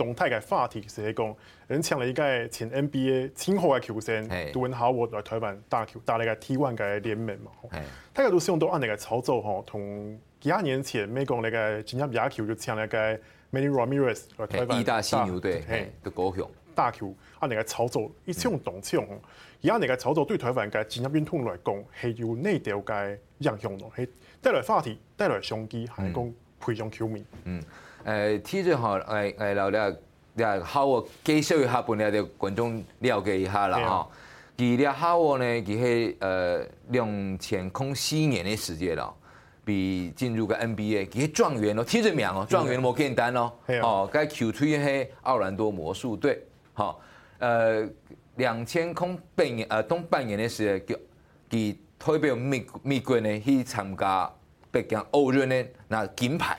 動態嘅話題其實係講，人請嚟一個前 NBA 天后嘅球星，都喺我來台灣球打球，打嚟個 T1 嘅聯盟嘛。大家都使用多按呢個操作，同幾廿年前美國呢個職業野球就請呢個 Many Ramirez 喺台灣大打大犀牛隊嘅高雄打球按呢個操作，一次用動，一次用，而家操作對台灣嘅職業運動員來講係有內調嘅影響咯，係帶來話題，帶來商機，係講培養球迷。誒、呃，睇住學誒誒，劉李啊，李啊，考嘅介紹一下俾你哋觀眾瞭解一下啦嚇。佢哋霍華德咧，佢係誒兩千空四年嘅時間咯，比進入個，NBA，佢係狀元咯，踢咗名咯，狀元冇簡單咯。哦，佢球隊係奧蘭多魔術隊，嚇誒，兩、哦、千、呃呃、空半誒，冬半年嘅時間叫佢代表美美國咧去參加北京奧運咧拿金牌。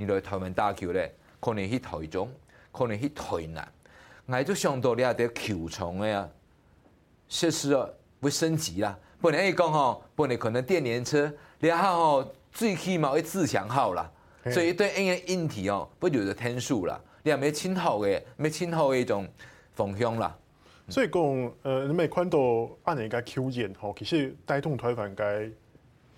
你嚟台灣打球咧，可能去台中，可能去台南，我哋上想到你阿啲球蟲的呀，設施啊會升級啦。本來你講吼，本來你可能電聯車，然後吼，最起碼會自強號啦，所以對呢個硬體哦，不如就天數啦。你係咪偏好嘅？咪偏好一種方向啦。所以講，呃，你咪看到啱啱家家橋吼，其實帶動台灣嘅。